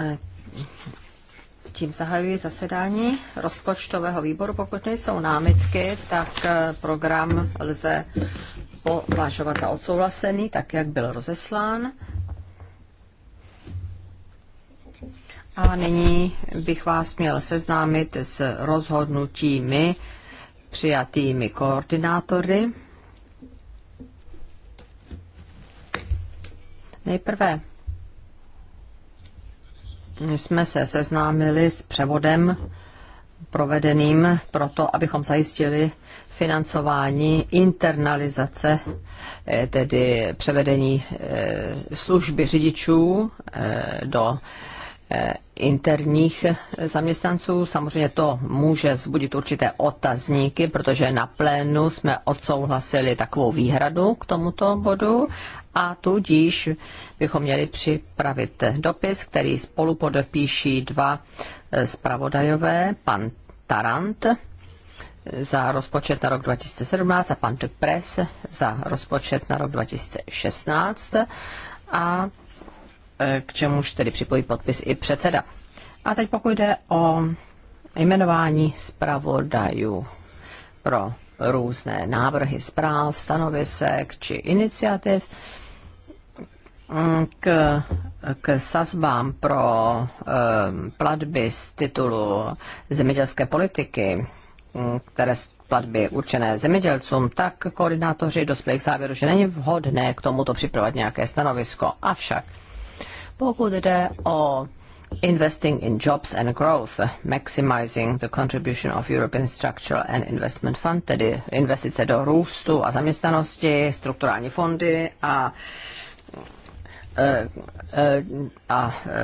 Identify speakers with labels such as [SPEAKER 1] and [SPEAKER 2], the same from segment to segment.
[SPEAKER 1] Eh, tím zahajuji zasedání rozpočtového výboru. Pokud nejsou námitky, tak eh, program lze považovat za odsouhlasený, tak jak byl rozeslán. A nyní bych vás měl seznámit s rozhodnutími přijatými koordinátory. Nejprve jsme se seznámili s převodem provedeným proto, abychom zajistili financování internalizace, eh, tedy převedení eh, služby řidičů eh, do Eh, interních zaměstnanců. Samozřejmě to může vzbudit určité otazníky, protože na plénu jsme odsouhlasili takovou výhradu k tomuto bodu a tudíž bychom měli připravit dopis, který spolu podepíší dva eh, zpravodajové, pan Tarant za rozpočet na rok 2017 a pan Depres za rozpočet na rok 2016 a Eh, k čemuž tedy připojí podpis i předseda. A teď pokud jde o jmenování zpravodajů pro různé návrhy zpráv, stanovisek či iniciativ, mm, k, k sazbám pro um, platby z titulu zemědělské politiky, mm, které platby určené zemědělcům, tak koordinátoři dospěli k závěru, že není vhodné k tomuto připravovat nějaké stanovisko. Avšak pokud jde o Investing in Jobs and Growth, Maximizing the Contribution of European Structural and Investment Fund, tedy investice do růstu a zaměstnanosti, strukturální fondy a, e, e, a, e,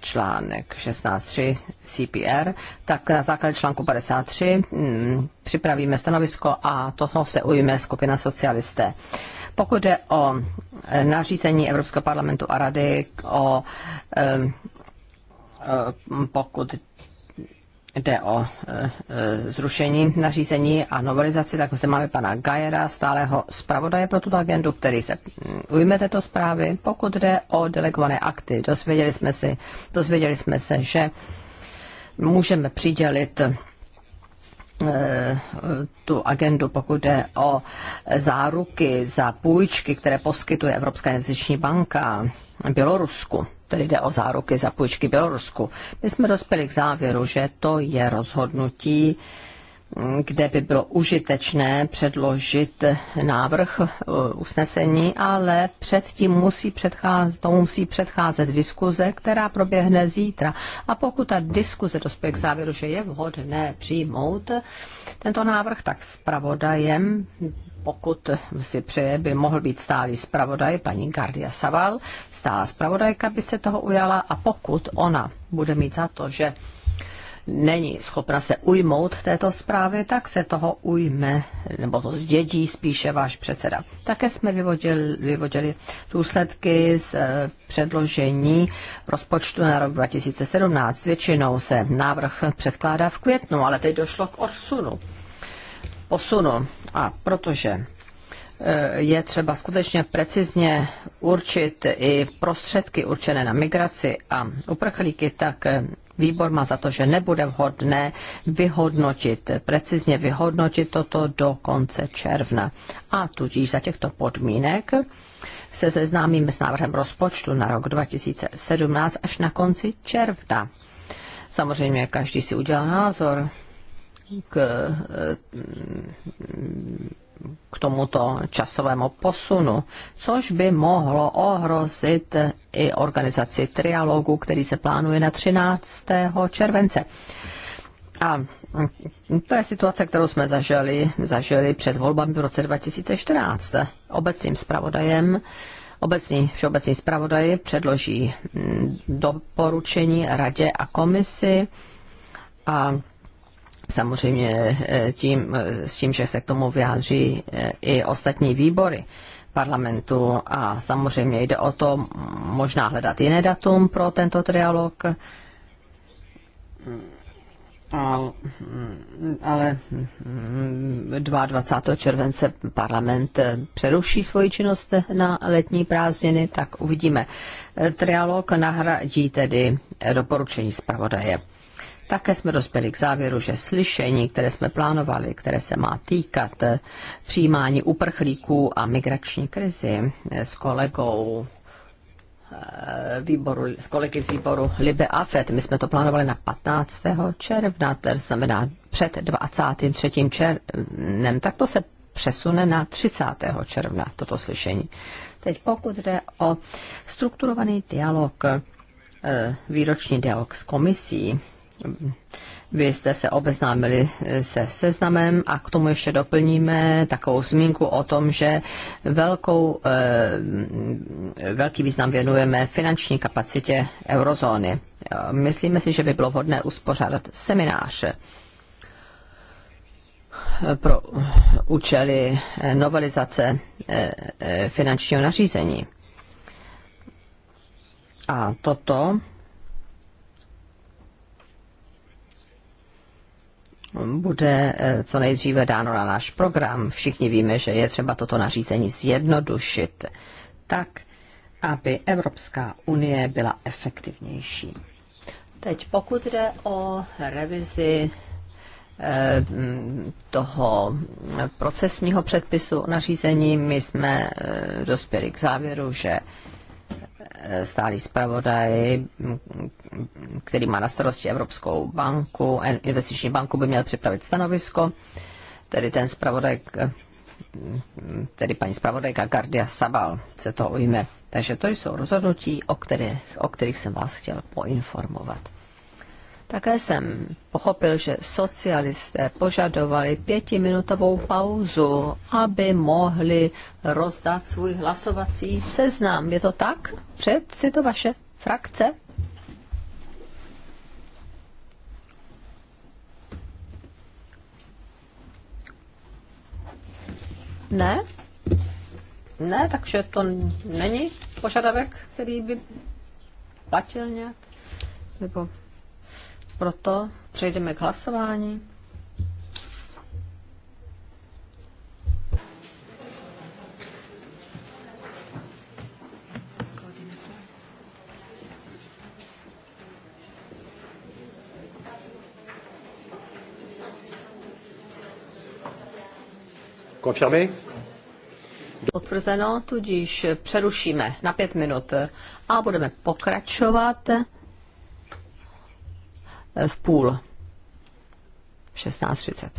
[SPEAKER 1] článek 16.3 CPR, tak na základě článku 53 mm, připravíme stanovisko a toho se ujme skupina socialisté. Pokud jde o eh, nařízení Evropského parlamentu a rady, o, eh, eh, pokud jde o zrušení nařízení a novelizaci, tak zde máme pana Gajera, stáleho zpravodaje pro tuto agendu, který se mm, ujme této zprávy. Pokud jde o delegované akty, dozvěděli jsme, si, dozvěděli jsme se, že můžeme přidělit Eh, tu agendu, pokud jde o záruky za půjčky, které poskytuje Evropská investiční banka Bělorusku, tedy jde o záruky za půjčky Bělorusku, my jsme dospěli k závěru, že to je rozhodnutí, kde by bylo užitečné předložit návrh eh, usnesení, ale předtím musí předcházet, to musí předcházet diskuze, která proběhne zítra. A pokud ta diskuze dospěje k závěru, že je vhodné přijmout tento návrh, tak pravodajem pokud si přeje, by mohl být stálý zpravodaj, paní Gardia Saval, stálá zpravodajka by se toho ujala a pokud ona bude mít za to, že není schopna se ujmout této zprávy, tak se toho ujme, nebo to zdědí spíše váš předseda. Také jsme vyvodili, vyvodili důsledky z eh, předložení rozpočtu na rok 2017. Většinou se návrh předkládá v květnu, ale teď došlo k odsunu. Posunu. A protože eh, je třeba skutečně precizně určit i prostředky určené na migraci a uprchlíky, tak eh, Výbor má za to, že nebude vhodné vyhodnotit, precizně vyhodnotit toto do konce června. A tudíž za těchto podmínek se seznámíme s návrhem rozpočtu na rok 2017 až na konci června. Samozřejmě každý si udělal názor k k tomuto časovému posunu, což by mohlo ohrozit i organizaci trialogu, který se plánuje na 13. července. A to je situace, kterou jsme zažili, zažili před volbami v roce 2014. Obecným zpravodajem Obecní všeobecní zpravodaj předloží mm, doporučení radě a komisi a samozřejmě eh, tím, eh, s tím, že se k tomu vyjádří eh, i ostatní výbory parlamentu a samozřejmě jde o to možná hledat jiné datum pro tento trialog. Ale, 22. Hm, července parlament přeruší svoji činnost na letní prázdniny, tak uvidíme. Trialog nahradí tedy doporučení zpravodaje. Také jsme dospěli k závěru, že slyšení, které jsme plánovali, které se má týkat eh, přijímání uprchlíků a migrační krizi eh, s kolegou eh, výboru, s kolegy z výboru Libe Afet. My jsme to plánovali na 15. června, to znamená před 23. červnem, tak to se přesune na 30. června, toto slyšení. Teď pokud jde o strukturovaný dialog, výroční dialog s komisí, vy jste se obeznámili se seznamem a k tomu ještě doplníme takovou zmínku o tom, že velkou, eh, velký význam věnujeme finanční kapacitě eurozóny. Myslíme si, že by bylo vhodné uspořádat semináře pro účely novelizace eh, eh, finančního nařízení. A toto bude eh, co nejdříve dáno na náš program. Všichni víme, že je třeba toto nařízení zjednodušit tak, aby Evropská unie byla efektivnější. Teď pokud jde o revizi eh, toho procesního předpisu nařízení, my jsme eh, dospěli k závěru, že stálý zpravodaj, který má na starosti Evropskou banku, investiční banku, by měl připravit stanovisko. Tedy ten zpravodaj, tedy paní zpravodajka Gardia Sabal se to ujme. Takže to jsou rozhodnutí, o kterých, o kterých jsem vás chtěl poinformovat. Také jsem pochopil, že socialisté požadovali pětiminutovou pauzu, aby mohli rozdat svůj hlasovací seznam. Je to tak? Před si to vaše frakce? Ne? Ne, takže to není požadavek, který by platil nějak? Nebo proto přejdeme k hlasování. Confirmé? Potvrzeno, tudíž přerušíme na pět minut a budeme pokračovat v půl. 16.30.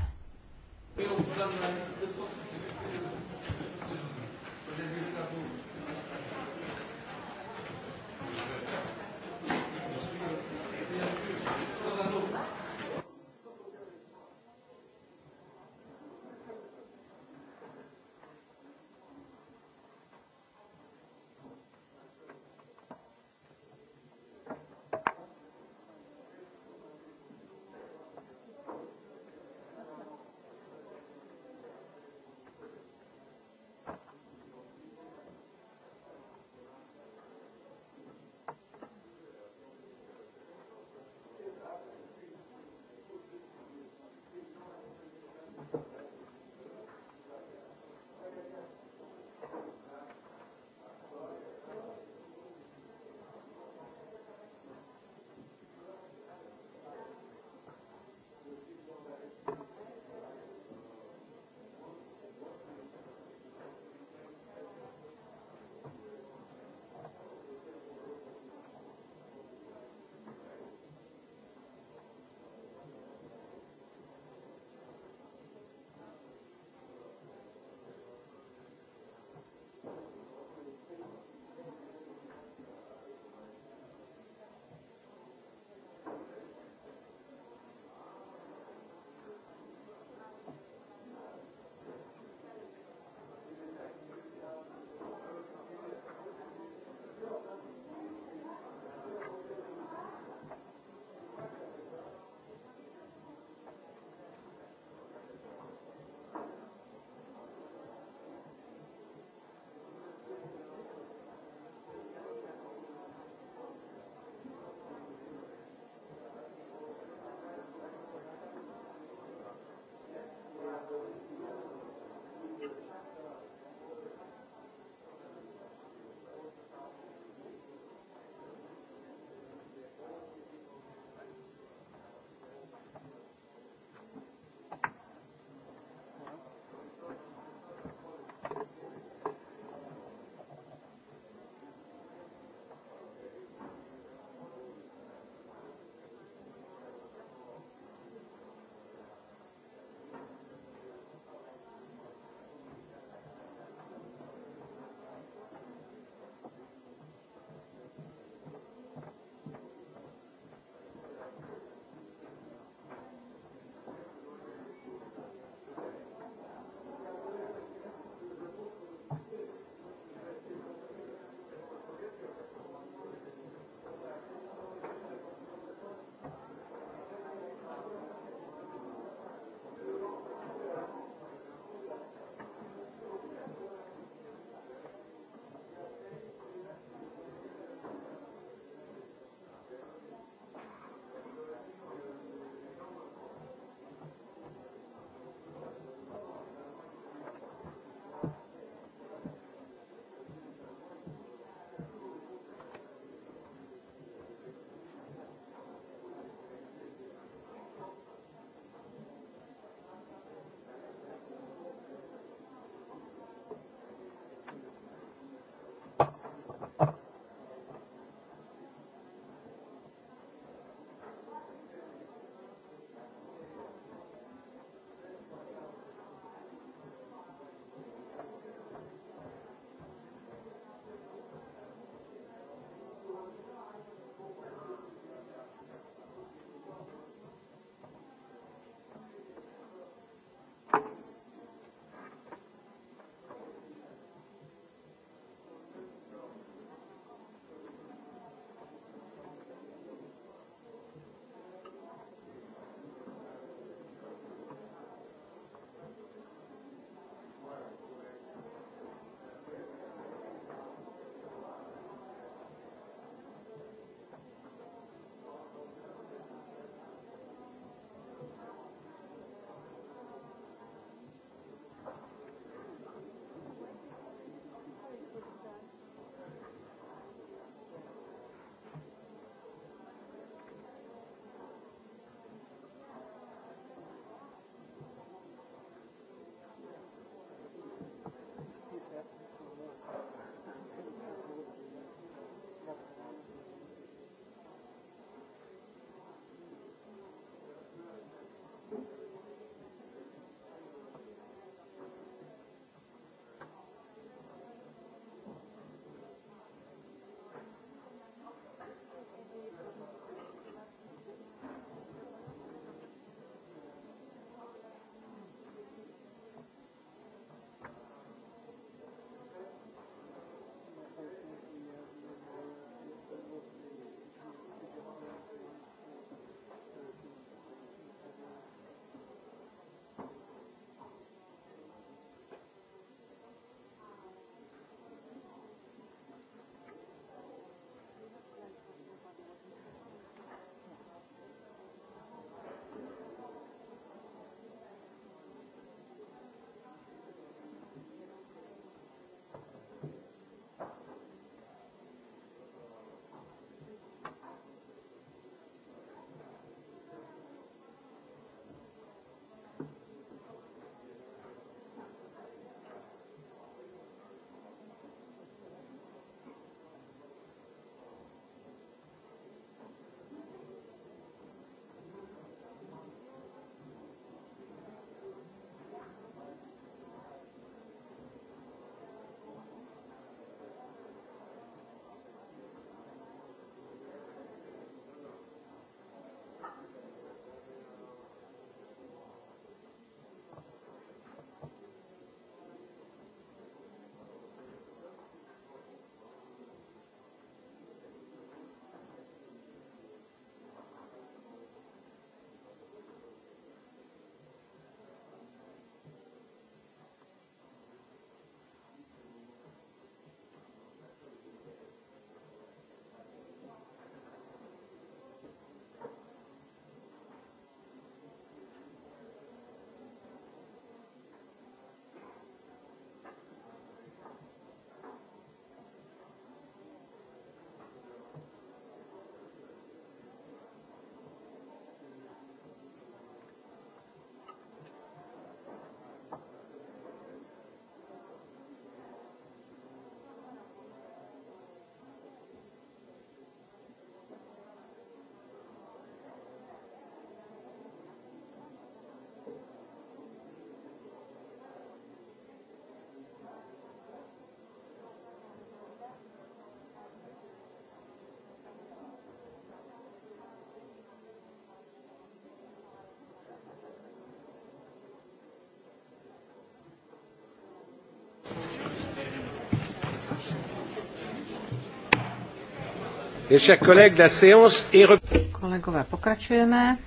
[SPEAKER 1] Kolegové, pokračujeme.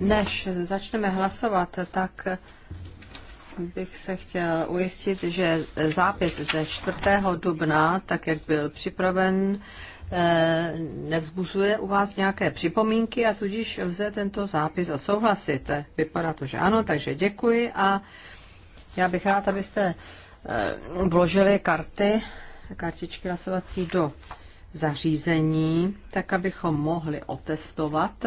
[SPEAKER 1] Než začneme hlasovat, tak bych se chtěl ujistit, že zápis ze 4. dubna, tak jak byl připraven, eh, nevzbuzuje u vás nějaké připomínky a tudíž lze tento zápis odsouhlasit. Vypadá to, že ano, takže děkuji a já bych rád, abyste Eh, vložili karty, kartičky hlasovací do zařízení, tak abychom mohli otestovat.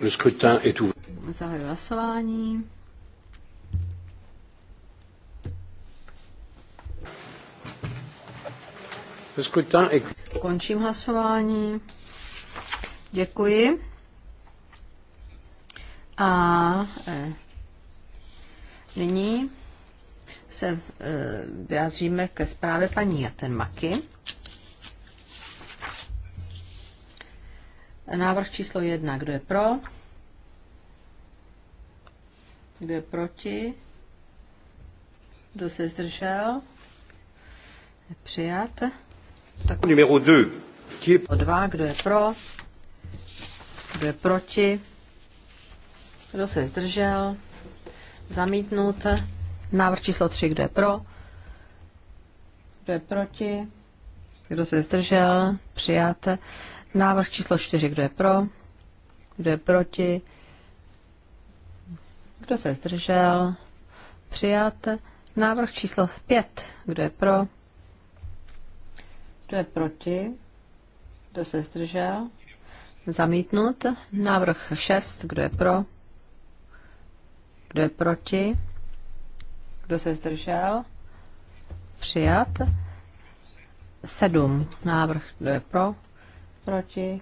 [SPEAKER 2] Le scrutin est ouvert.
[SPEAKER 1] Zahajuji hlasování. Le scrutin est... Končím hlasování. Děkuji. A eh, Nyní se e, vyjádříme ke zprávě paní Jatenmaky. Návrh číslo jedna. Kdo je pro? Kdo je proti? Kdo se zdržel? Je přijat. Tak... Numero 2. Dva. Kdo je pro? Kdo je proti? Kdo se zdržel? Zamítnut. Návrh číslo 3, kdo je pro? Kdo je proti? Kdo se zdržel? Přijat. Návrh číslo 4, kdo je pro? Kdo je proti? Kdo se zdržel? Přijat. Návrh číslo 5, kdo je pro? Kdo je proti? Kdo se zdržel? Zamítnut. Návrh 6. Kdo je pro? Kdo je proti? Kdo se zdržel? Přijat. Sedm. Návrh. Kdo je pro? Proti?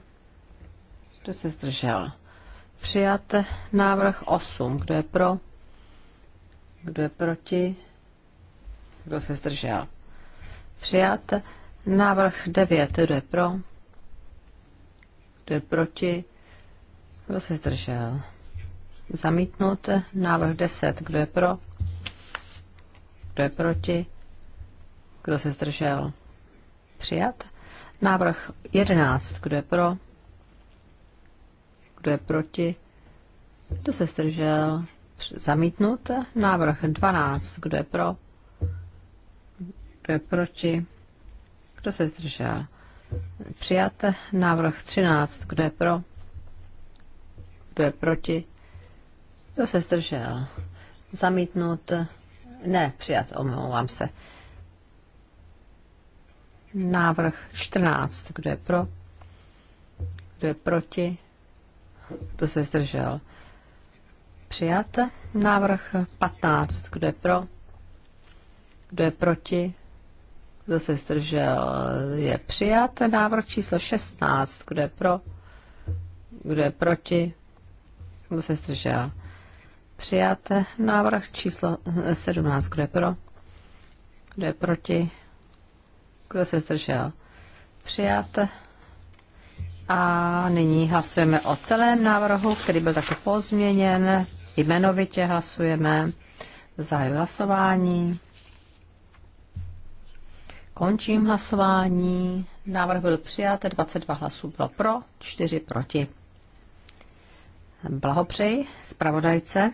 [SPEAKER 1] Kdo se zdržel? Přijat. Návrh osm. Kdo je pro? Kdo je proti? Kdo se zdržel? Přijat. Návrh 9. Kdo je pro? Kdo je proti? Kdo se zdržel? Zamítnut. Návrh 10. Kdo je pro? Kdo je proti? Kdo se zdržel? Přijat. Návrh 11. Kdo je pro? Kdo je proti? Kdo se zdržel? Zamítnut. Návrh 12. Kdo je pro? Kdo je proti? Kdo se zdržel? Přijat. Návrh 13. Kdo je pro? Kdo je proti? Kdo se zdržel? Zamítnut? Ne, přijat, omlouvám se. Návrh 14. Kdo je pro? Kdo je proti? Kdo se zdržel? Přijat. Návrh 15. Kdo je pro? Kdo je proti? Kdo se zdržel? Je přijat. Návrh číslo 16. Kdo je pro? Kdo je proti? Kdo se zdržel? Přijat návrh číslo 17. Kdo je pro? Kdo je proti? Kdo se zdržel? Přijat. A nyní hlasujeme o celém návrhu, který byl taky pozměněn. Jmenovitě hlasujeme. Zahajuji hlasování. Končím hlasování. Návrh byl přijat, 22 hlasů bylo pro, 4 proti. Blahopřeji zpravodajce.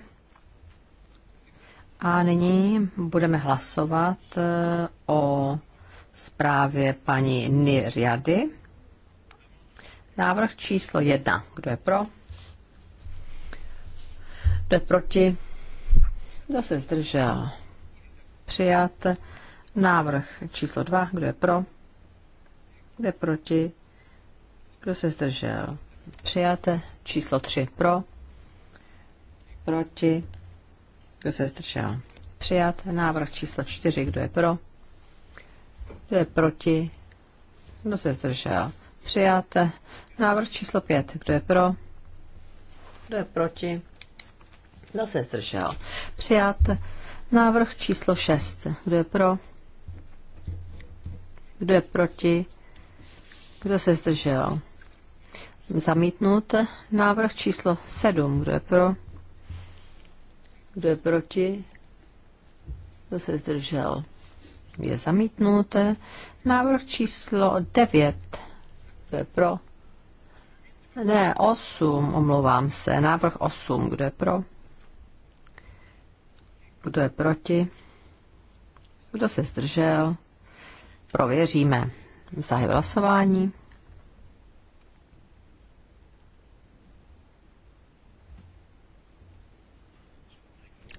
[SPEAKER 1] A nyní budeme hlasovat e, o zprávě paní Niriady. Návrh číslo jedna. Kdo je pro? Kdo je proti? Kdo se zdržel? Přijat. Návrh číslo dva. Kdo je pro? Kdo je proti? Kdo se zdržel? Přijat. Číslo tři. Pro? Proti? Kdo se zdržel? Přijat. Návrh číslo 4. Kdo je pro? Kdo je proti? Kdo se zdržel? Přijat. Návrh číslo 5. Kdo je pro? Kdo je proti? Kdo se zdržel? Přijat. Návrh číslo 6. Kdo je pro? Kdo je proti? Kdo se zdržel? Zamítnut. Návrh číslo 7. Kdo je pro? Kdo je proti? Kdo se zdržel? Je zamítnut. Návrh číslo 9. Kdo je pro? Ne, 8, omlouvám se. Návrh 8. Kdo je pro? Kdo je proti? Kdo se zdržel? Prověříme. Zahy hlasování.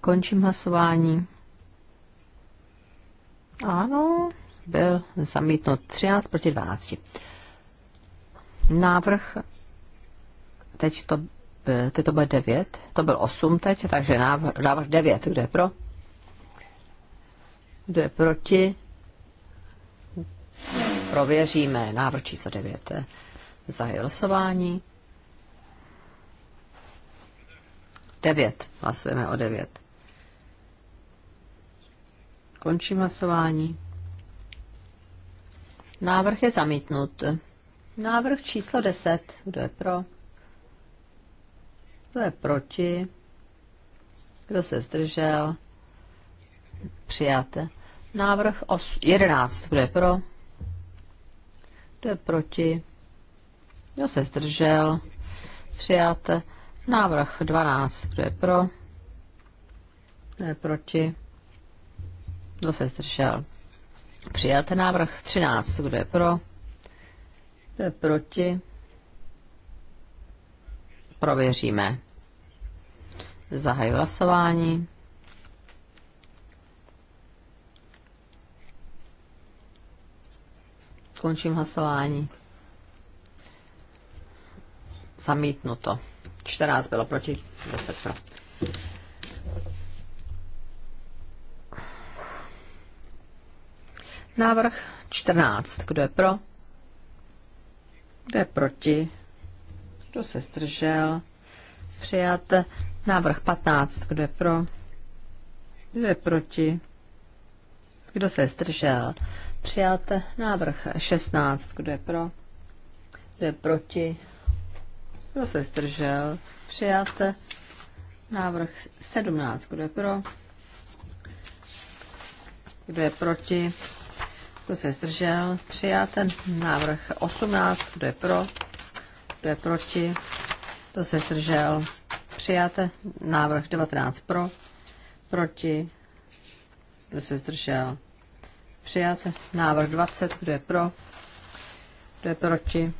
[SPEAKER 1] Končím hlasování. Ano, byl zamítnut 13 proti 12. Návrh, teď to, eh, teď to bude 9, to byl 8 teď, takže návrh, návrh 9, kdo je pro? Kdo je proti? Prověříme návrh číslo 9. Zahajuji hlasování. 9. Hlasujeme o 9. Končím hlasování. Návrh je zamítnut. Návrh číslo 10. Kdo je pro? Kdo je proti? Kdo se zdržel? Přijat. Návrh 11. Kdo je pro? Kdo je proti? Kdo se zdržel? Přijat. Návrh 12. Kdo je pro? Kdo je proti? Kdo se zdržel? Přijat návrh 13. Kdo je pro? Kdo je proti? Prověříme. Zahajuji hlasování. Končím hlasování. Zamítnuto. 14 bylo proti, 10 pro. Návrh 14. Kdo je pro? Kdo je proti? Kdo se zdržel? Přijat. Návrh 15. Kdo je pro? Kdo je proti? Kdo se zdržel? Přijat. Návrh 16. Kdo je pro? Kdo je proti? Kdo se zdržel? Přijat. Návrh 17. Kdo je pro? Kdo je proti? Kdo se zdržel? Přijat ten návrh 18. Kdo je pro? Kdo je proti? Kdo se zdržel? Přijat návrh 19 pro? Proti? Kdo se zdržel? Přijat návrh 20. Kdo je pro? Kdo je proti?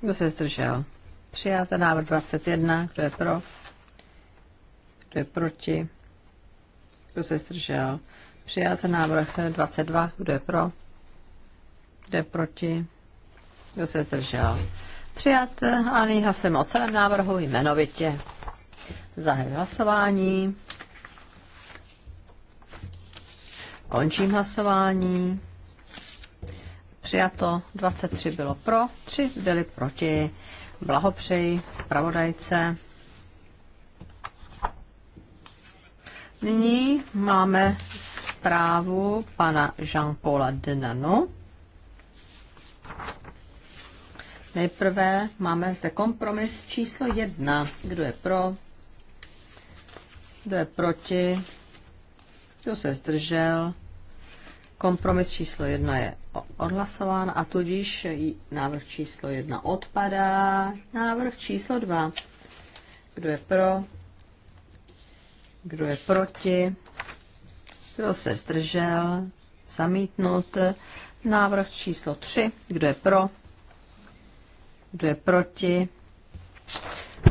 [SPEAKER 1] Kdo se zdržel? Přijat návrh 21. Kdo je pro? Kdo je proti? Kdo se zdržel? Přijat návrh 22. Kdo je pro? Kdo je proti? Kdo se zdržel? Přijat a nyní hlasujeme o celém návrhu jmenovitě. Zahaj hlasování. Končím hlasování. Přijato 23 bylo pro, 3 byli proti. Blahopřeji zpravodajce. Nyní máme zprávu pana Jean-Paula Denano. Nejprve máme zde kompromis číslo jedna. Kdo je pro? Kdo je proti? Kdo se zdržel? Kompromis číslo jedna je odhlasován a tudíž návrh číslo jedna odpadá. Návrh číslo dva. Kdo je pro? Kdo je proti? Kdo se zdržel? Zamítnut. Návrh číslo 3. Kdo je pro? Kdo je proti?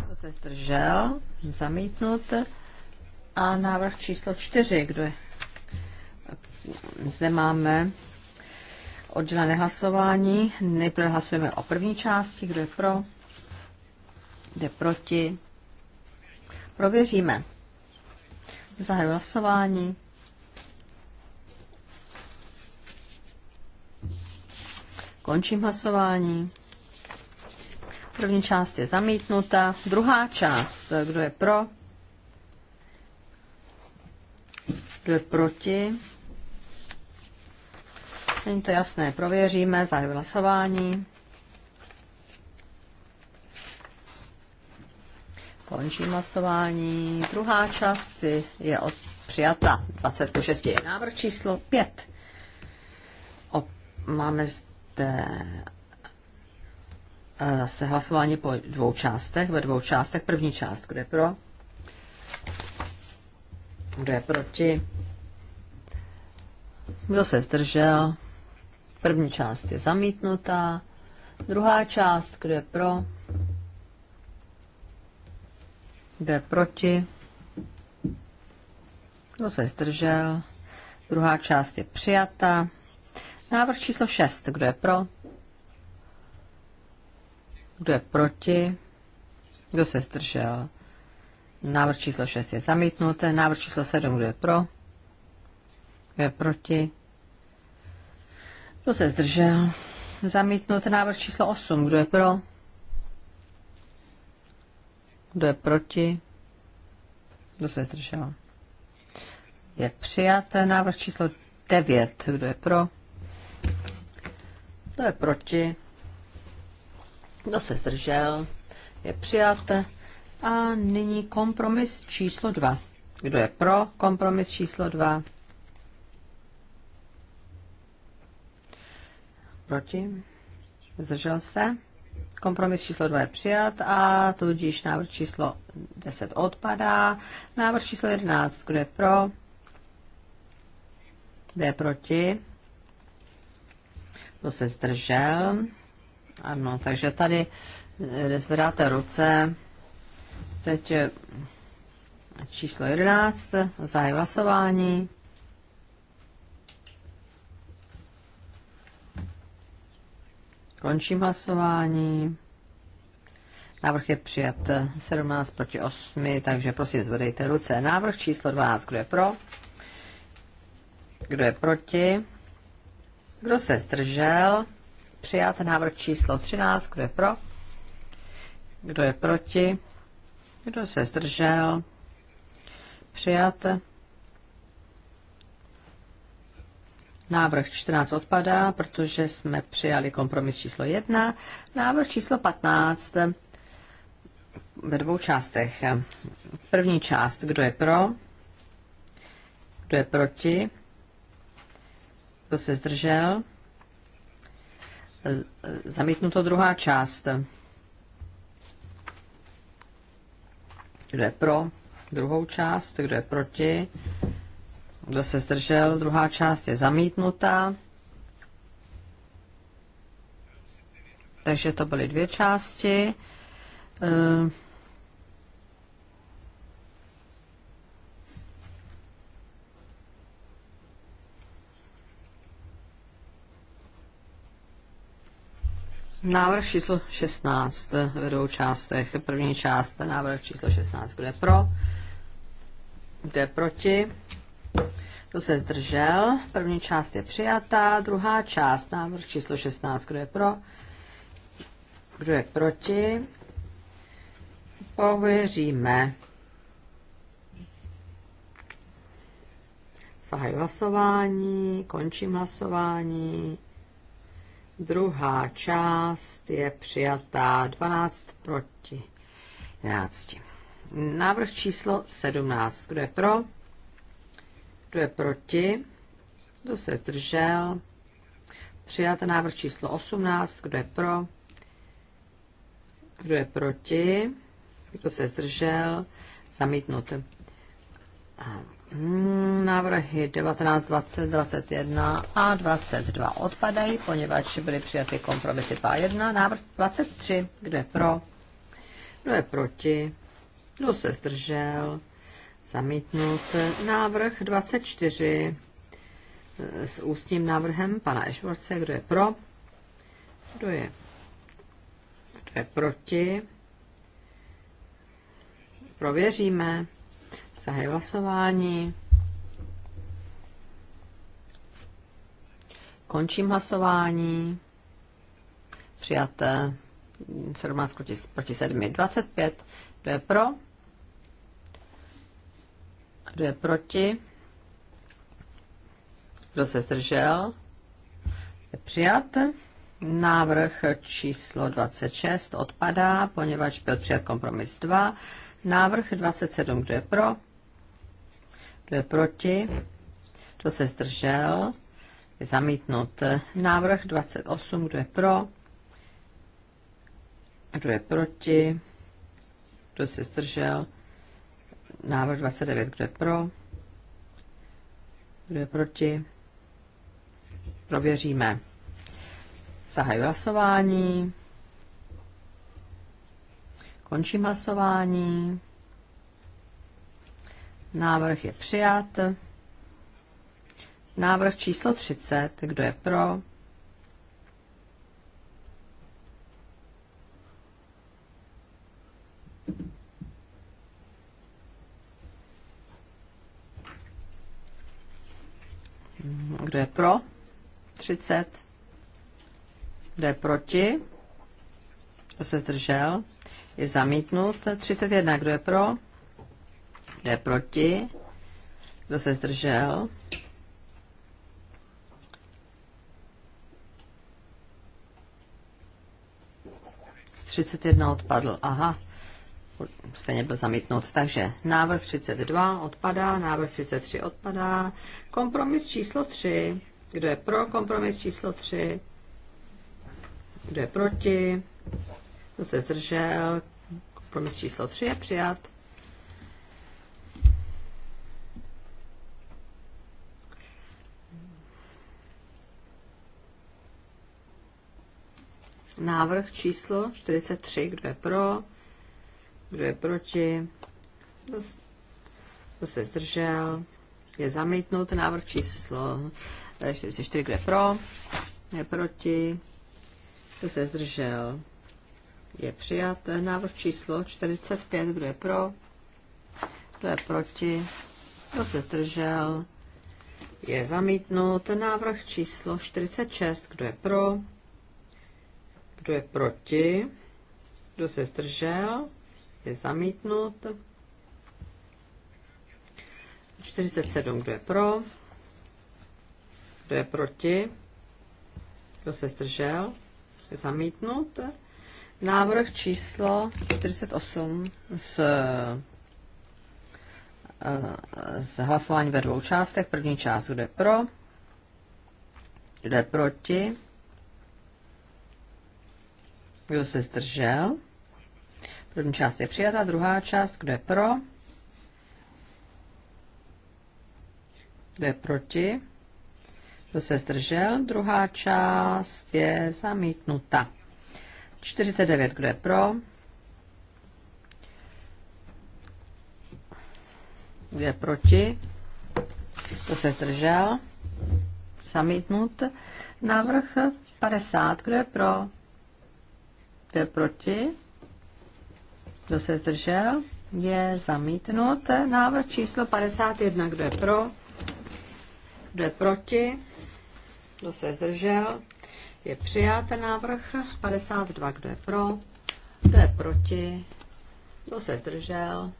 [SPEAKER 1] Kdo se zdržel? Zamítnut. A návrh číslo 4. Kdo je? Zde máme oddělené hlasování. Nejprve hlasujeme o první části. Kdo je pro? Kdo je proti? Prověříme. Zahajuji hlasování. Končím hlasování. První část je zamítnuta. Druhá část, kdo je pro? Kdo je proti? Není to jasné, prověříme, zahajuji hlasování. Končím hlasování. Druhá část je od přijata. 26 je návrh číslo 5. O, máme zde zase eh, hlasování po dvou částech, ve dvou částech. První část, kde pro, kdo je proti? Kdo se zdržel? První část je zamítnutá. Druhá část, kdo je pro? Kdo je proti? Kdo se zdržel? Druhá část je přijata. Návrh číslo 6. Kdo je pro? Kdo je proti? Kdo se zdržel? Návrh číslo 6 je zamítnut. Návrh číslo 7. Kdo je pro? Kdo je proti? Kdo se zdržel? Zamítnut návrh číslo 8. Kdo je pro? Kdo je proti? Kdo se zdržel? Je přijat návrh číslo 9. Kdo je pro? Kdo je proti? Kdo se zdržel? Je přijaté. A nyní kompromis číslo dva. Kdo je pro kompromis číslo dva? Proti? Zdržel se? Kompromis číslo 2 je přijat a tudíž návrh číslo 10 odpadá. Návrh číslo 11, kdo je pro? Kdo je proti? Kdo se zdržel? Ano, takže tady eh, zvedáte ruce. Teď eh, číslo 11, zahaj hlasování. Končím hlasování. Návrh je přijat 17 eh, proti 8, takže prosím zvedejte ruce. Návrh číslo 12, kdo je pro? Kdo je proti? Kdo se zdržel? Přijat návrh číslo 13. Kdo je pro? Kdo je proti? Kdo se zdržel? Přijat. Návrh 14 odpadá, protože jsme přijali kompromis číslo 1. Návrh číslo 15 ve dvou částech. První část, kdo je pro, kdo je proti, kdo se zdržel. Zamítnuto druhá část. Kdo je pro druhou část, kdo je proti, kdo se zdržel, druhá část je zamítnutá. Takže to byly dvě části. Eh, Návrh číslo 16 ve dvou částech. První část, návrh číslo 16, kde pro, kde proti. Kdo se zdržel? První část je přijatá, druhá část, návrh číslo 16, kdo je pro, kdo je proti. Pověříme. Zahajuji hlasování, končím hlasování. Druhá část je přijatá 12 proti 11. Návrh číslo 17. Kdo je pro? Kdo je proti? Kdo se zdržel? Přijat návrh číslo 18. Kdo je pro? Kdo je proti? Kdo se zdržel? Zamítnut. Návrhy 19, 20, 21 a 22 odpadají, poněvadž byly přijaty kompromisy 2 1 Návrh 23, kdo je pro, kdo je proti, kdo se zdržel, zamítnut. Návrh 24 eh, s ústním návrhem pana Ešvorce, kdo je pro, kdo je, kdo je proti, prověříme zahaj hlasování. Končím hlasování. Přijaté 17 proti, 7 je 25. Kdo je pro? Kdo je proti? Kdo se zdržel? Je přijat. Návrh číslo 26 odpadá, poněvadž byl přijat kompromis 2. Návrh 27, kdo je pro? Kdo je proti? Kdo se zdržel? Je zamítnut. Návrh 28, kdo je pro? Kdo je proti? Kdo se zdržel? Návrh 29, kdo je pro? Kdo je proti? Prověříme. Zahajuji hlasování. Končím hlasování. Návrh je přijat. Návrh číslo 30. Kdo je pro? Kdo je pro? 30. Kdo je proti? Kdo se zdržel? je zamítnut. 31, kdo je pro? Kdo je proti? Kdo se zdržel? Třicet jedna odpadl. Aha, stejně byl zamítnut. Takže návrh 32 odpadá, návrh 33 odpadá. Kompromis číslo 3. Kdo je pro kompromis číslo 3? Kdo je proti? Kdo se zdržel? Kompromis číslo 3 je přijat. Návrh číslo 43. Kdo je pro? Kdo je proti? Kdo, kdo se zdržel? Je zamítnut návrh číslo 44. Eh, kdo je pro? Kdo je proti? Kdo se zdržel? je přijat. Návrh číslo 45, kdo je pro, kdo je proti, kdo se zdržel, je zamítnut. Návrh číslo 46, kdo je pro, kdo je proti, kdo se zdržel, je zamítnut. 47, kdo je pro, kdo je proti, kdo se zdržel, je zamítnut. Návrh číslo 48 z, z hlasování ve dvou částech. První část, jde pro, jde proti, kdo se zdržel. První část je přijata, druhá část, kdo je pro, kdo je proti, kdo se zdržel. Druhá část je zamítnuta. 49, kdo je pro? Kdo je proti? To se zdržel? Zamítnut. Návrh 50, kdo je pro? Kdo je proti? Kdo se zdržel? Je zamítnut. Návrh číslo 51, kdo je pro? Kdo je proti? Kdo se zdržel? je přijat ten návrh. 52, kdo je pro, kdo je proti, kdo se zdržel,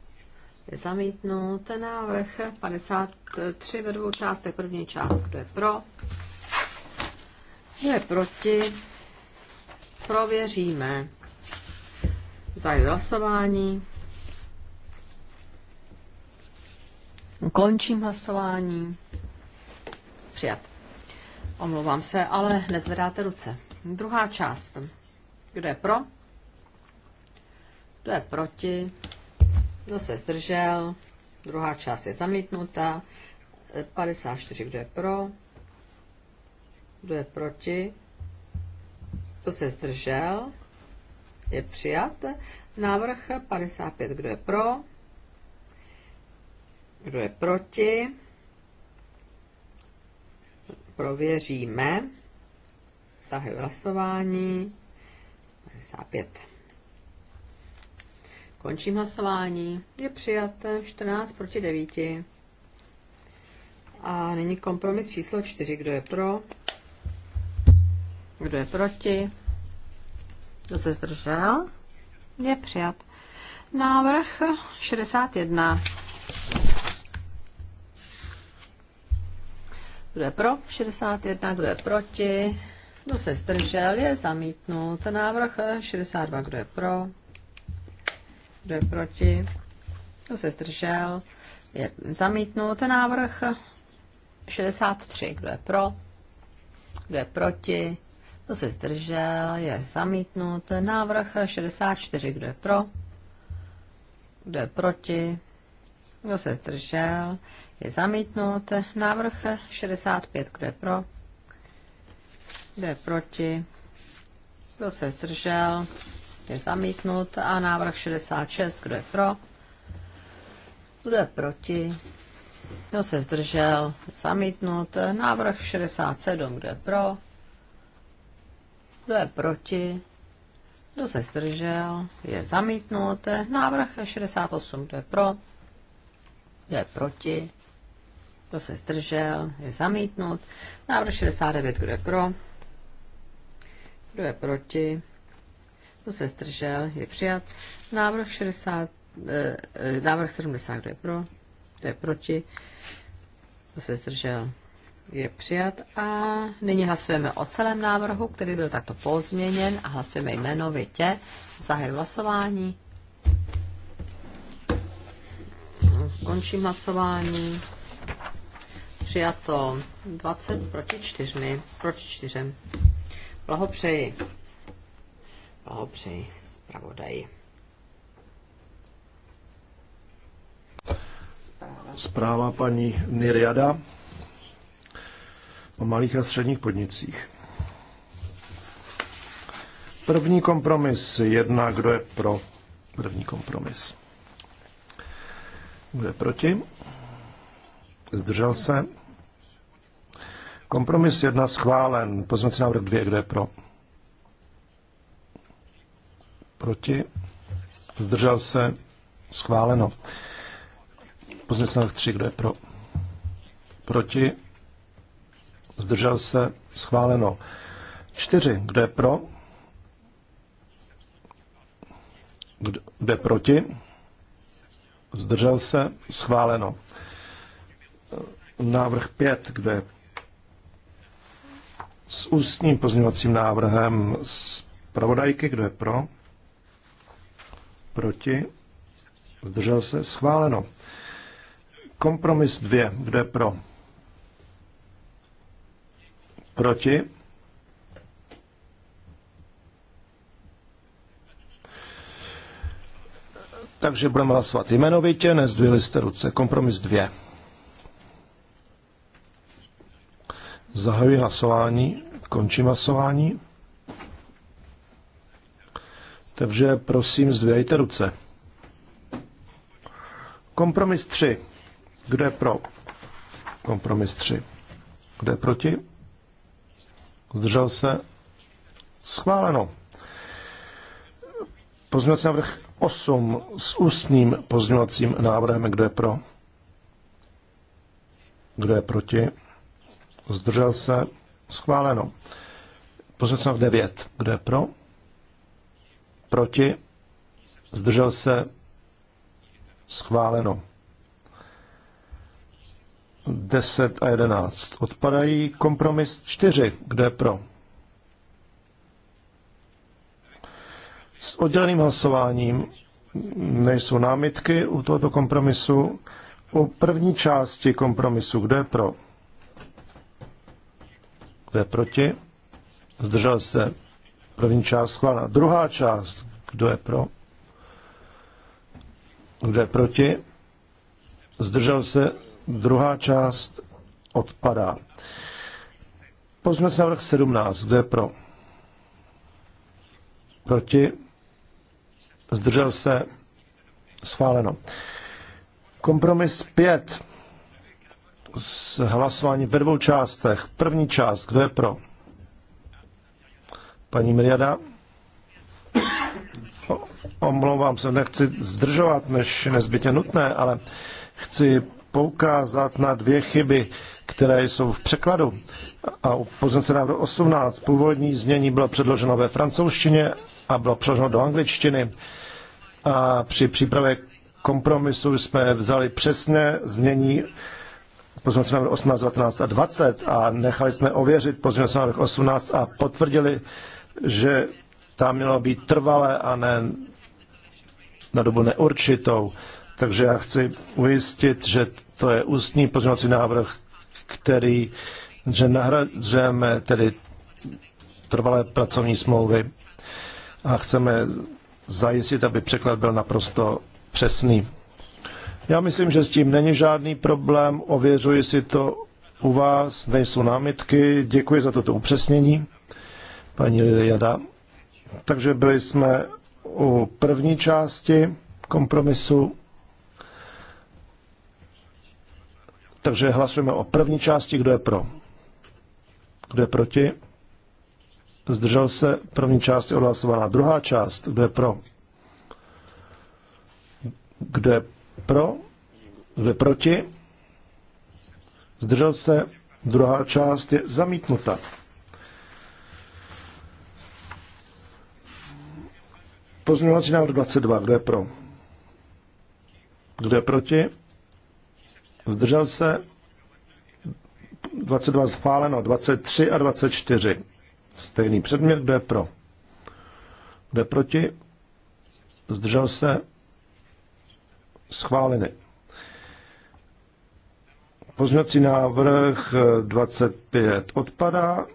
[SPEAKER 1] je zamítnut. Ten návrh 53 ve dvou částech, první část, kdo je pro, kdo je proti, prověříme. Zahajuji hlasování. Končím hlasování. Přijat. Omlouvám se, ale nezvedáte ruce. Druhá část. Kdo je pro? Kdo je proti? Kdo se zdržel? Druhá část je zamítnuta. 54. Kdo je pro? Kdo je proti? Kdo se zdržel? Je přijat. Návrh 55. Kdo je pro? Kdo je proti? prověříme. Zahajuji hlasování. 55. Končím hlasování. Je přijat 14 proti 9. A nyní kompromis číslo 4. Kdo je pro? Kdo je proti? Kdo se zdržel? Je přijat. Návrh 61. Kdo je pro 61, kdo je proti? Kdo se zdržel, je zamítnut. Návrh 62, kdo je pro? Kdo je proti? Kdo se zdržel, je zamítnut. Návrh 63, kdo je pro? Kdo je proti? Kdo se zdržel, je zamítnut. Návrh 64, kdo je pro? Kdo je proti? Kdo se zdržel, je zamítnut. Návrh 65, kdo je pro? Kdo je proti? Kdo se zdržel? Je zamítnut. A návrh 66, kdo je pro? Kdo je proti? Kdo se zdržel? Zamítnut. Návrh 67, kdo je pro? Kdo je proti? Kdo se zdržel? Je zamítnut. Návrh 68, kdo je pro? Kdo je proti? kdo se zdržel, je zamítnut. Návrh 69, kdo je pro, kdo je proti, kdo se zdržel, je přijat. Návrh 60, eh, eh, návrh 70, kdo je pro, kdo je proti, kdo se zdržel, je přijat. A nyní hlasujeme o celém návrhu, který byl takto pozměněn a hlasujeme jmenovitě. Zahaj hlasování. Končím hlasování. Přijato 20 proti 4. Proti 4. Blahopřeji. Blahopřeji zpravodaji.
[SPEAKER 3] Zpráva. Zpráva paní
[SPEAKER 1] Niriada
[SPEAKER 3] o malých a středních podnicích. První kompromis jedna, kdo je pro první kompromis. Kdo je proti? zdržel se. Kompromis 1 schválen. Pozměňovací návrh 2, kde je pro? Proti. Zdržel se. Schváleno. Pozměňovací návrh 3, kde je pro? Proti. Zdržel se. Schváleno. 4, kde je pro? Kde proti? Zdržel se. Schváleno návrh 5, kde s ústním pozměňovacím návrhem z pravodajky, kdo je pro, proti, zdržel se, schváleno. Kompromis 2, kdo je pro, proti, Takže budeme hlasovat jmenovitě, nezdvihli jste ruce. Kompromis 2. Zahajuji hlasování, končím hlasování. Takže prosím, zdvějte ruce. Kompromis 3. Kdo je pro? Kompromis 3. Kdo je proti? Zdržel se? Schváleno. Pozměňovací návrh 8 s ústním pozměňovacím návrhem. Kdo je pro? Kdo je proti? zdržel se, schváleno. se na 9, kdo je pro, proti, zdržel se, schváleno. 10 a 11 odpadají. Kompromis 4, kdo je pro? S odděleným hlasováním nejsou námitky u tohoto kompromisu. U první části kompromisu, kdo je pro? Kdo je proti? Zdržel se. První část schválena. Druhá část. Kdo je pro? Kdo je proti? Zdržel se. Druhá část odpadá. Pozme se návrh 17. Kdo je pro? Proti? Zdržel se. Schváleno. Kompromis 5 s hlasování ve dvou částech. První část, kdo je pro? Paní Miriada? Omlouvám se, nechci zdržovat, než nezbytně nutné, ale chci poukázat na dvě chyby, které jsou v překladu. A u pozice návrhu 18 původní znění bylo předloženo ve francouzštině a bylo předloženo do angličtiny. A při přípravě kompromisu jsme vzali přesné znění pozměňovací návrh 18, 19 a 20 a nechali jsme ověřit pozměňovací návrh 18 a potvrdili, že tam mělo být trvalé a ne na dobu neurčitou. Takže já chci ujistit, že to je ústní pozměňovací návrh, který, že nahrazujeme tedy trvalé pracovní smlouvy a chceme zajistit, aby překlad byl naprosto přesný. Já myslím, že s tím není žádný problém, ověřuji si to u vás, nejsou námitky, děkuji za toto upřesnění, paní Jada. Takže byli jsme u první části kompromisu. Takže hlasujeme o první části, kdo je pro. Kdo je proti? Zdržel se první část je odhlasovaná. Druhá část, kdo je pro? Kdo je pro, dvě proti, zdržel se, druhá část je zamítnuta. Pozměňovací návrh 22, kdo je pro? Kdo je proti? Zdržel se? 22 schváleno, 23 a 24. Stejný předmět, kdo je pro? Kdo je proti? Zdržel se? Schváleny. Pozměňovací návrh 25 odpadá.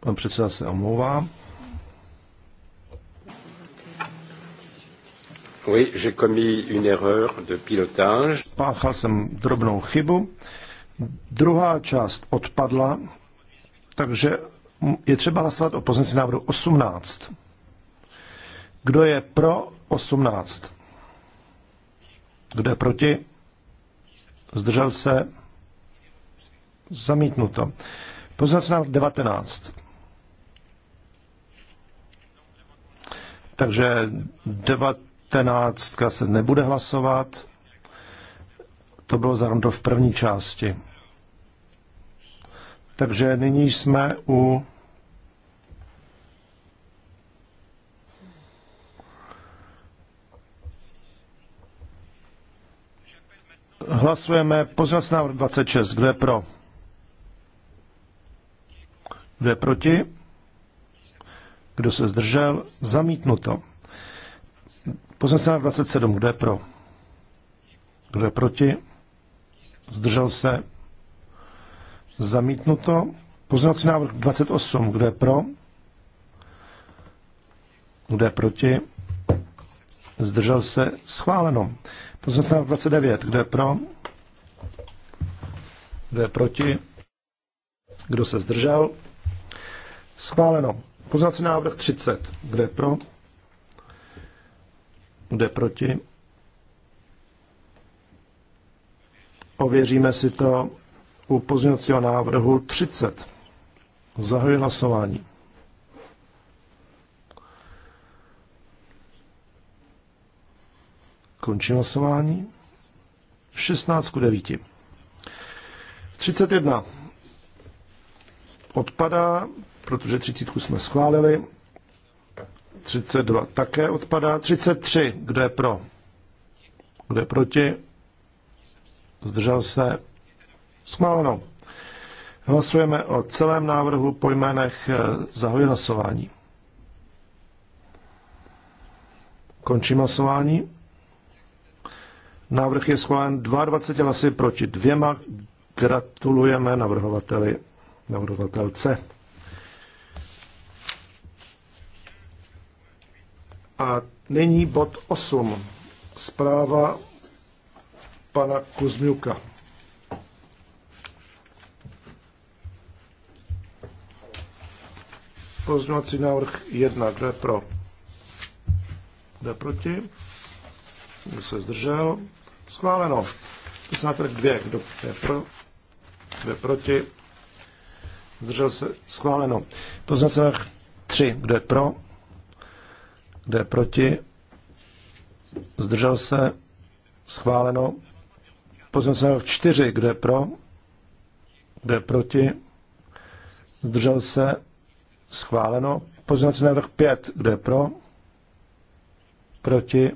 [SPEAKER 3] Pan předseda se omlouvá. Oui, j'ai commis une erreur de pilotage. Páchal jsem drobnou chybu. Druhá část odpadla, takže je třeba hlasovat o pozici návrhu 18. Kdo je pro 18? Kdo je proti? Zdržel se? Zamítnuto. Pozvací návrh 19. Takže 19 19 se nebude hlasovat. To bylo zahrnuto v první části. Takže nyní jsme u Hlasujeme pozměnací návrh 26. Kdo je pro? Kdo je proti? Kdo se zdržel? Zamítnuto. Poznací 27. Kdo je pro? Kdo je proti? Zdržel se? Zamítnuto. Pozměňovací návrh 28. Kdo je pro? Kdo je proti? Zdržel se? Schváleno. Pozměňovací návrh 29. Kdo je pro? Kdo je proti? Kdo se zdržel? Schváleno. Pozměňovací návrh 30. Kdo je pro? jde proti? Ověříme si to u pozměňovacího návrhu 30. Zahajuji hlasování. Končím hlasování. 16 k 9. 31 odpadá, protože 30 jsme schválili. 32 také odpadá. 33, kdo je pro? Kdo je proti? Zdržel se? Schváleno. Hlasujeme o celém návrhu po jménech eh, zahoj hlasování. Končím hlasování. Návrh je schválen 22 hlasy proti dvěma. Gratulujeme navrhovateli, navrhovatelce. A nyní bod 8. Zpráva pana Kuzmiuka. Pozměňovací návrh 1. Kdo je pro? Kdo je proti? Kdo se zdržel? Schváleno. Pozměňovací návrh 2. Kdo je pro? Kdo je proti? Zdržel se? Schváleno. Pozměňovací návrh 3. Kdo je pro? Kdo je proti? Zdržel se? Schváleno. Pozměnce návrh 4. Kdo je pro? Kdo je proti? Zdržel se? Schváleno. Pozměnce návrh 5. Kdo je pro? Proti?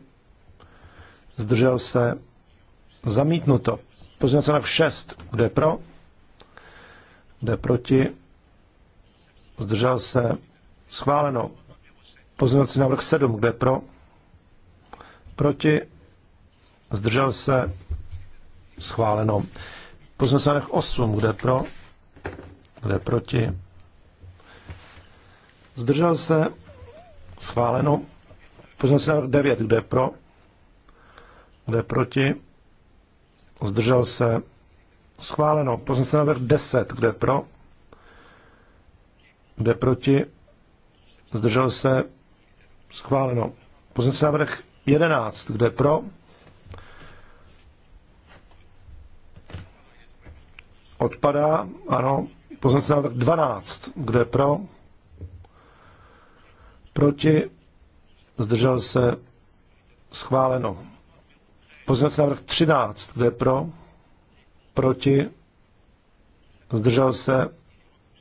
[SPEAKER 3] Zdržel se? Zamítnuto. Pozměnce návrh 6. Kdo je pro? Kdo je proti? Zdržel se? Schváleno. Pozměňovací návrh 7, kde pro? Proti? Zdržel se? Schváleno. Pozměňovací návrh 8, kde pro? Kde proti? Zdržel se? Schváleno. Pozměňovací návrh 9, kde pro? Kde proti? Zdržel se? Schváleno. Pozměňovací návrh 10, kde pro? Kde proti? Zdržel se? Schváleno. Pozměňovací návrh 11. Kdo je pro? Odpadá. Ano. Pozměňovací návrh 12. Kdo je pro? Proti? Zdržel se? Schváleno. Pozměňovací návrh 13. Kdo je pro? Proti? Zdržel se?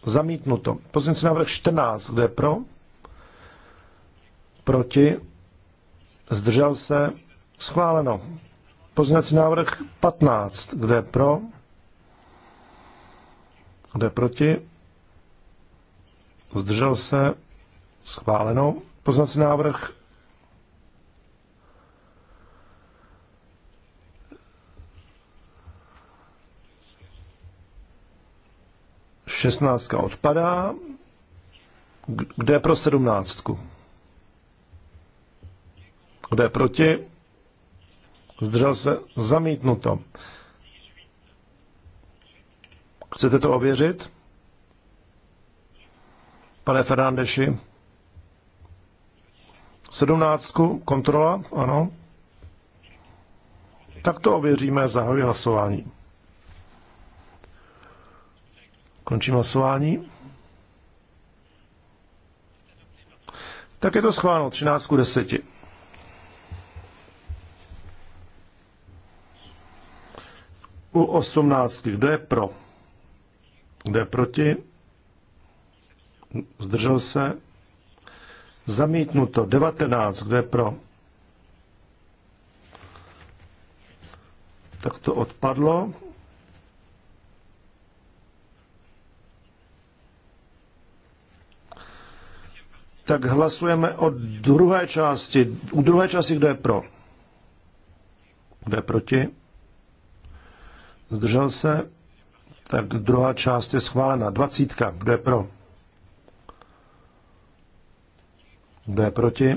[SPEAKER 3] Zamítnuto. Pozměňovací návrh 14. Kdo je pro? proti, zdržel se, schváleno. poznací návrh 15, kde pro, kde proti, zdržel se, schváleno. poznací návrh šestnáctka odpadá, kde pro sedmnáctku? Kdo je proti? Zdržel se? Zamítnuto. Chcete to ověřit? Pane Fernandeši? Sedmnáctku, kontrola, ano. Tak to ověříme, zahajuji hlasování. Končím hlasování. Tak je to schváleno, 13 k 10. 18. Kdo je pro? Kdo je proti? Zdržel se? Zamítnuto. 19. Kdo je pro? Tak to odpadlo. Tak hlasujeme o druhé části. U druhé části, kdo je pro? Kdo je proti? zdržel se, tak druhá část je schválena. Dvacítka, kdo je pro? Kdo je proti?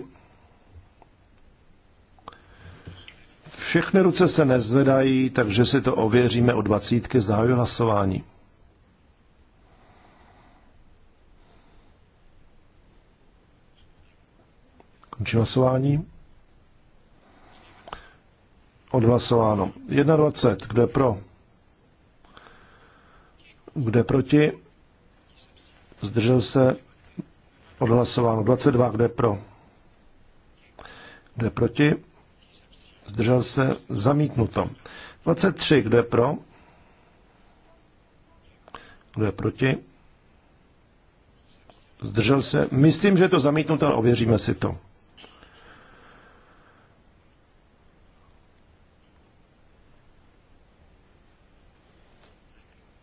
[SPEAKER 3] Všechny ruce se nezvedají, takže si to ověříme o dvacítky, zahajuji hlasování. Končím hlasování. Odhlasováno. 21. Kdo je pro? Kdo je proti? Zdržel se? Odhlasováno. 22. Kdo je pro? Kdo je proti? Zdržel se? Zamítnuto. 23. Kdo je pro? Kdo je proti? Zdržel se? Myslím, že je to zamítnuto, ale ověříme si to.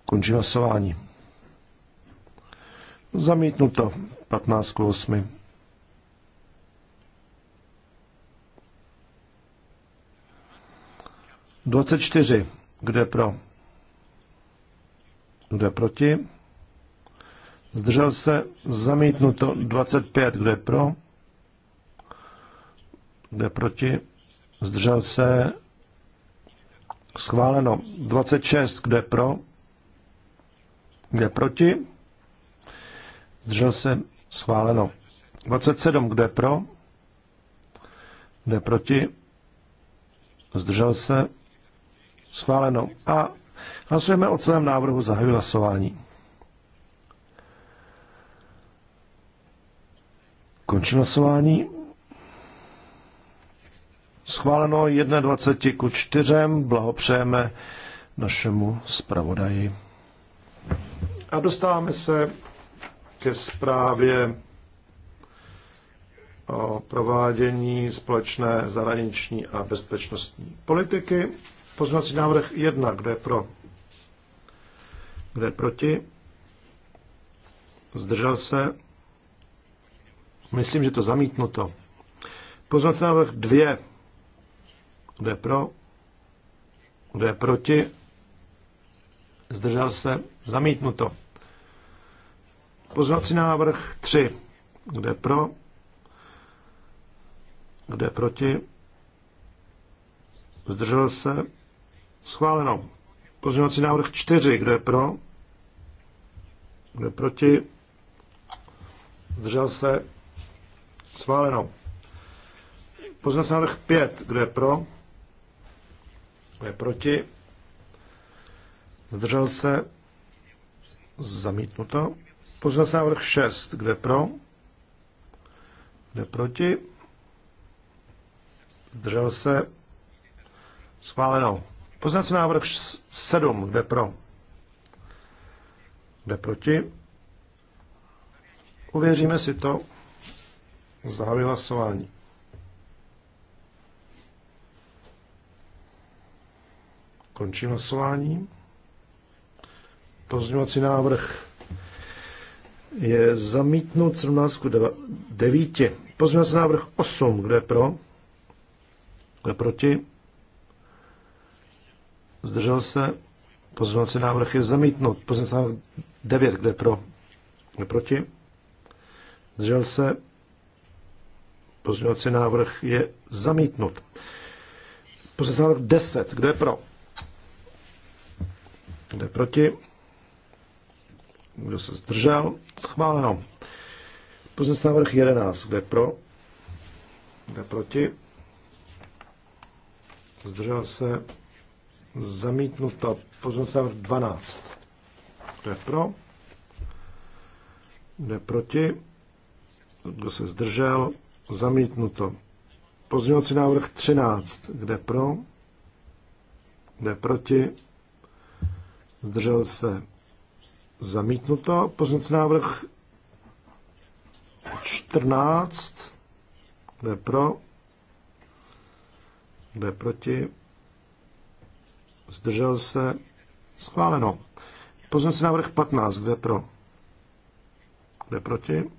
[SPEAKER 3] Končí hlasování. Zamítnuto 15 k 8. Dvacet čtyři. Kdo je pro? Kdo je proti? Zdržel se zamítnuto pět. Kdo je pro? Kdo je proti? Zdržel se schváleno šest. Kdo je pro? Kde proti? Zdržel se schváleno. 27. Kde pro? Kde proti? Zdržel se schváleno. A hlasujeme o celém návrhu zahajuji hlasování. Končím hlasování. Schváleno 21 ku 4. Blahopřejeme našemu zpravodaji. A dostáváme se ke zprávě o provádění společné zahraniční a bezpečnostní politiky. Pozměňovací návrh 1, kde je pro, kde je proti, zdržel se, myslím, že to zamítnuto. Pozměňovací návrh 2, kde je pro, kde je proti, zdržel se, zamítnuto. Pozvací návrh 3. Kde pro? Kde proti? Zdržel se? Schváleno. Pozvací návrh 4. Kde je pro? Kde proti? Zdržel se? Schváleno. Pozvací návrh 5. Kde je pro? Kde je proti? Zdržel se? Zamítnuto. Pozvací návrh 6. Kde pro? Kde proti? Zdržel se? Schváleno. Pozvací návrh 7. Kde pro? Kde proti? Uvěříme si to. Zahajuji hlasování. Končím hlasování. Pozměňovací návrh je zamítnut 17 9. Pozměl se návrh 8, Kdo je pro? Kdo je proti? Zdržel se? Pozměl se návrh je zamítnut. Pozměl se návrh 9, Kdo je pro? Kdo je proti? Zdržel se? Pozměňovací návrh je zamítnut. Pozměňovací návrh 10, Kdo je pro? Kdo je proti? Kdo se zdržel? Schváleno. Pozměnit návrh 11. Kde pro? Kde proti? Zdržel se. Zamítnuto. Pozměnit návrh 12. Kde pro? Kde proti? Kdo se zdržel? Zamítnuto. Pozměňovací návrh 13. Kde pro? Kde proti? Zdržel se Zamítnuto. Pozměňovací návrh 14. Kdo je pro? Kdo je proti? Zdržel se? Schváleno. Pozměňovací návrh 15. Kdo je pro? Kdo je proti?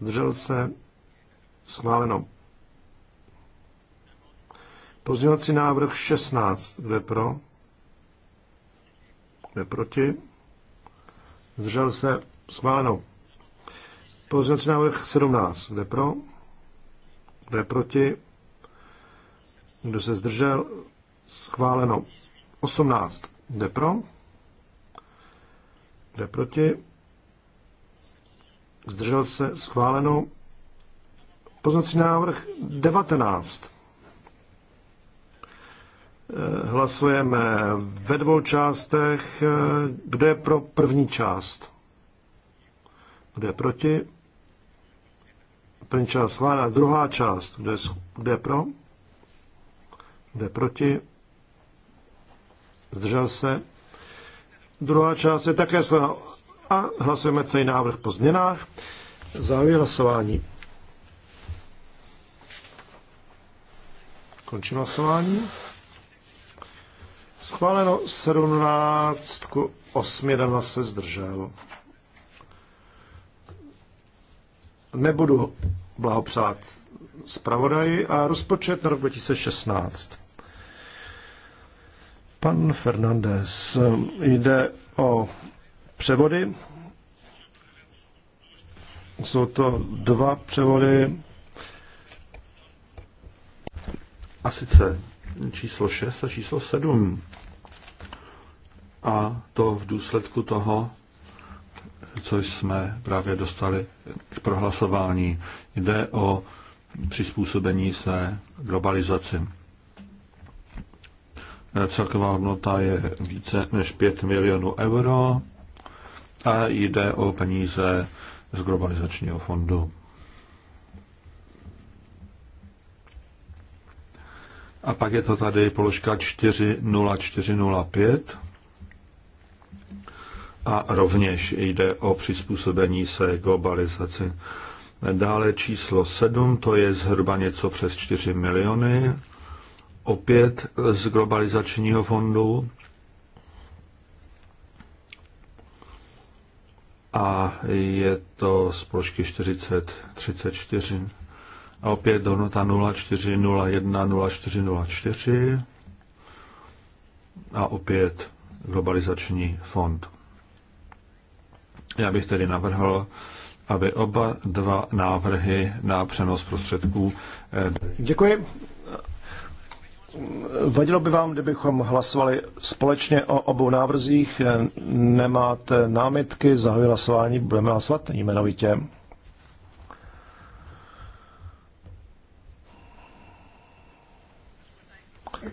[SPEAKER 3] Zdržel se? Schváleno. Pozměňovací návrh 16. Kdo je pro? Kdo je proti? zdržel se, schváleno. Pozměňovací návrh 17, kde pro, kde proti, kdo se zdržel, schváleno. 18, kde pro, kde proti, zdržel se, schváleno. Pozměňovací návrh 19, Eh, hlasujeme ve dvou částech. Eh, kdo je pro první část? Kdo je proti? První část schválená. Druhá část. Kdo je, kdo je pro? Kdo je proti? Zdržel se? Druhá část je také schválená. A hlasujeme celý návrh po změnách. Zahajuji hlasování. Končím hlasování. Schváleno 17 ku 8, 11 se zdržel. Nebudu blahopřát zpravodaji a rozpočet na rok 2016. Pan Fernandez, eh, jde o převody.
[SPEAKER 2] Jsou to dva převody. A sice číslo 6 a číslo 7. A to v důsledku toho, co jsme právě dostali k prohlasování. Jde o přizpůsobení se globalizaci. Celková hodnota je více než 5 milionů euro a jde o peníze z globalizačního fondu. A pak je to tady položka 40405. A rovněž jde o přizpůsobení se globalizaci. Dále číslo 7, to je zhruba něco přes 4 miliony, opět z globalizačního fondu. A je to z položky 4034. A opět hodnota 0401 0404 a opět globalizační fond. Já bych tedy navrhl, aby oba dva návrhy na přenos prostředků. Eh, Děkuji. Vadilo
[SPEAKER 3] by vám, kdybychom hlasovali společně o obou návrzích? Nemáte námitky, zahajuji hlasování, budeme hlasovat jmenovitě.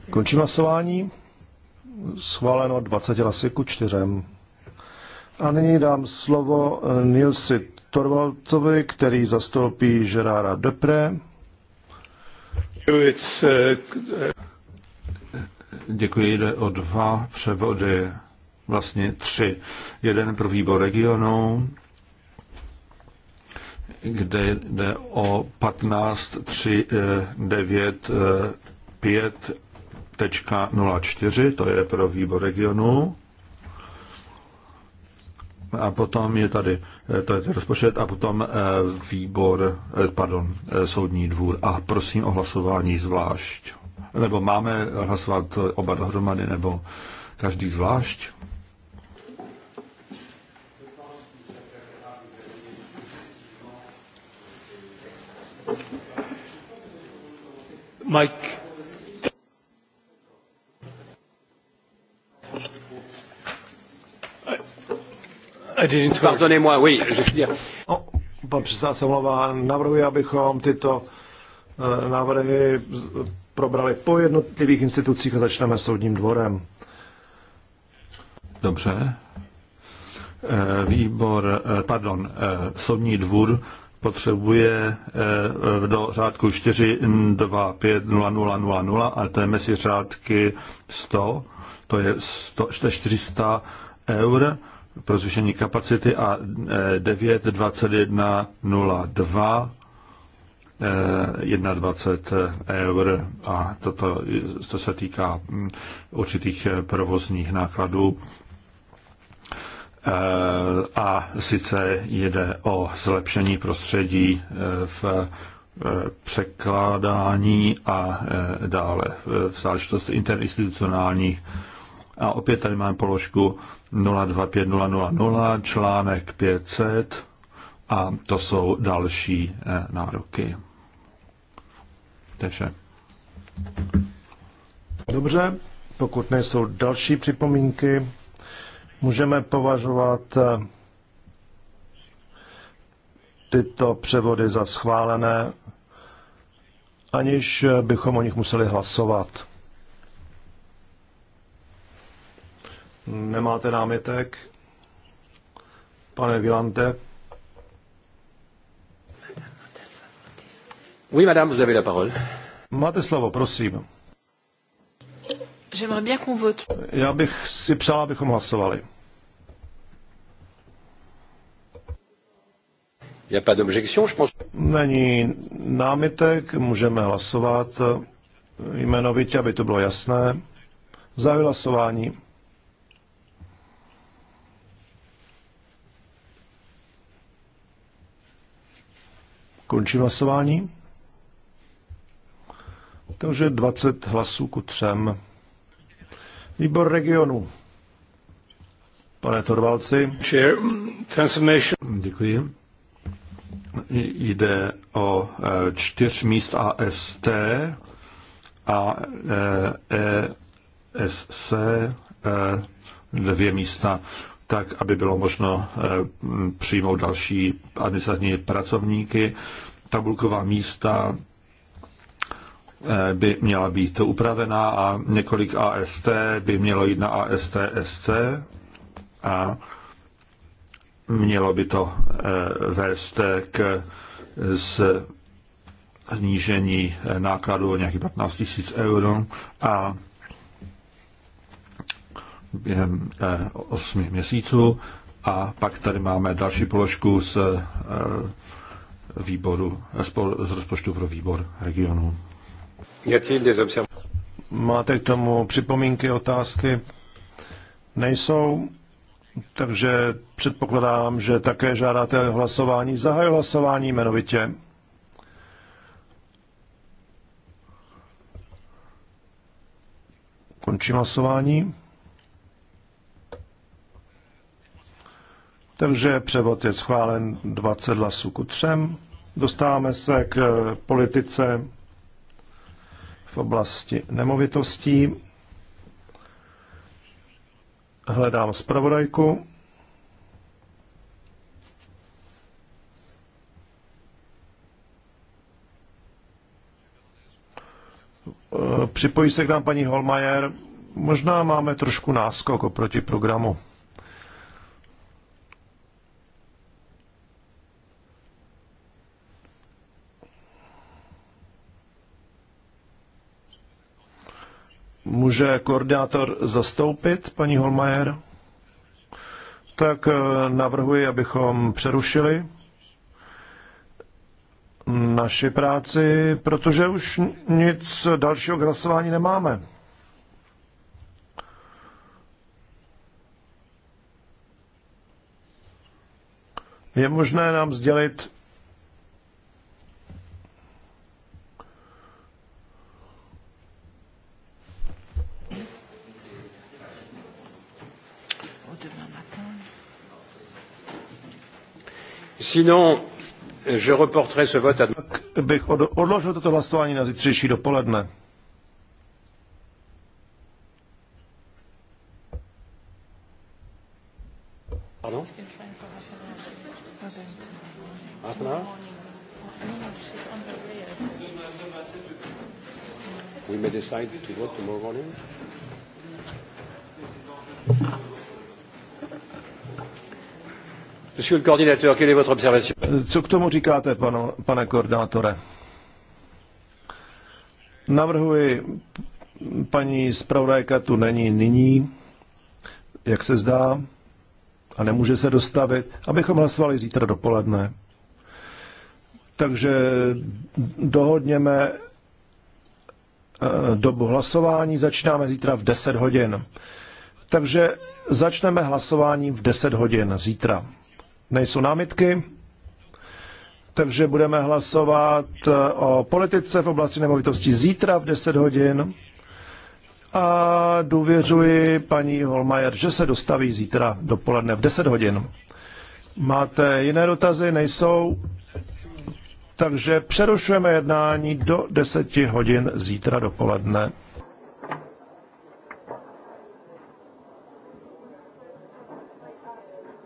[SPEAKER 3] Končím hlasování. Schváleno 20 hlasy ku čtyřem. A nyní dám slovo eh, Nilsi Torvalcovi, který zastoupí Žerára Depre.
[SPEAKER 2] Eh, Děkuji, jde o dva převody, vlastně tři. Jeden pro výbor regionu, kde jde o 15, 3, 9, 5 1.04, to je pro výbor regionu. A potom je tady, eh, to je ten rozpočet, a potom eh, výbor, eh, pardon, soudní dvůr. A prosím o hlasování zvlášť. Nebo máme hlasovat oba dohromady, nebo každý zvlášť?
[SPEAKER 1] Mike,
[SPEAKER 3] Pardonnez-moi, oui, je veux dire. No, pan předseda se mluvá, navrhuji, abychom tyto eh, návrhy probrali po jednotlivých institucích a začneme soudním dvorem.
[SPEAKER 2] Dobře. Eh, výbor, eh, pardon, soudní dvůr potřebuje do řádku 0, a to je mezi řádky 100, to je 100, 400 eur pro zvýšení kapacity a 9.21.02 e, 21 e, eur a toto to se týká mm, určitých e, provozních nákladů. A sice jde o zlepšení prostředí v překládání a dále v záležitosti interinstitucionálních a opět tady máme položku 025000, článek 500 a to jsou další eh, nároky. Takže.
[SPEAKER 3] Dobře, pokud nejsou další připomínky, můžeme považovat eh, tyto převody za schválené, aniž bychom o nich museli hlasovat. Nemáte námětek? Pane Vilante?
[SPEAKER 1] Oui, madame, vous avez la parole.
[SPEAKER 3] Máte slovo, prosím.
[SPEAKER 1] J'aimerais bien qu'on vote.
[SPEAKER 3] Já bych si přál, abychom hlasovali.
[SPEAKER 2] Y a pas d'objection, je pense.
[SPEAKER 3] Není námitek, můžeme hlasovat jmenovitě, aby to bylo jasné. Za hlasování. Končím hlasování. Takže 20 hlasů ku třem. Výbor regionu.
[SPEAKER 2] Pane Torvalci. Chair, transformation. Děkuji. Jde o eh, čtyř míst AST a ESC eh, e eh, dvě místa tak aby bylo možno eh, přijmout další administrativní pracovníky. Tabulková místa eh, by měla být upravená a několik AST by mělo jít na AST SC a mělo by to eh, vést k znížení nákladů o nějakých 15 000 euro a během eh, osmi měsíců a pak tady máme další položku z eh, výboru, z rozpočtu pro výbor regionu.
[SPEAKER 3] Máte k tomu připomínky, otázky? Nejsou, takže předpokládám, že také žádáte hlasování. Zahaj hlasování jmenovitě. Končím hlasování. Takže převod je schválen 20 hlasů ku třem. Dostáváme se k politice v oblasti nemovitostí. Hledám zpravodajku. Připojí se k nám paní Holmajer. Možná máme trošku náskok oproti programu. Může koordinátor zastoupit paní Holmajer? Tak eh, navrhuji, abychom přerušili naši práci, protože už nic dalšího k hlasování nemáme. Je možné nám sdělit, Sinon,
[SPEAKER 2] je reporterai ce vote à...
[SPEAKER 3] bych odložil toto hlasování na zítřejší dopoledne.
[SPEAKER 2] Pardon Half We may decide to vote tomorrow morning.
[SPEAKER 3] Co k tomu říkáte, pano, pane koordinátore? Navrhuji, paní zpravodajka tu není nyní, jak se zdá, a nemůže se dostavit, abychom hlasovali zítra dopoledne. Takže dohodněme eh, dobu hlasování, začínáme zítra v 10 hodin. Takže začneme hlasováním v 10 hodin zítra. Nejsou námitky, takže budeme hlasovat eh, o politice v oblasti nemovitostí zítra v 10 hodin a důvěřuji paní Holmajer, že se dostaví zítra dopoledne v 10 hodin. Máte jiné dotazy? Nejsou? Takže přerušujeme jednání do 10 hodin zítra dopoledne.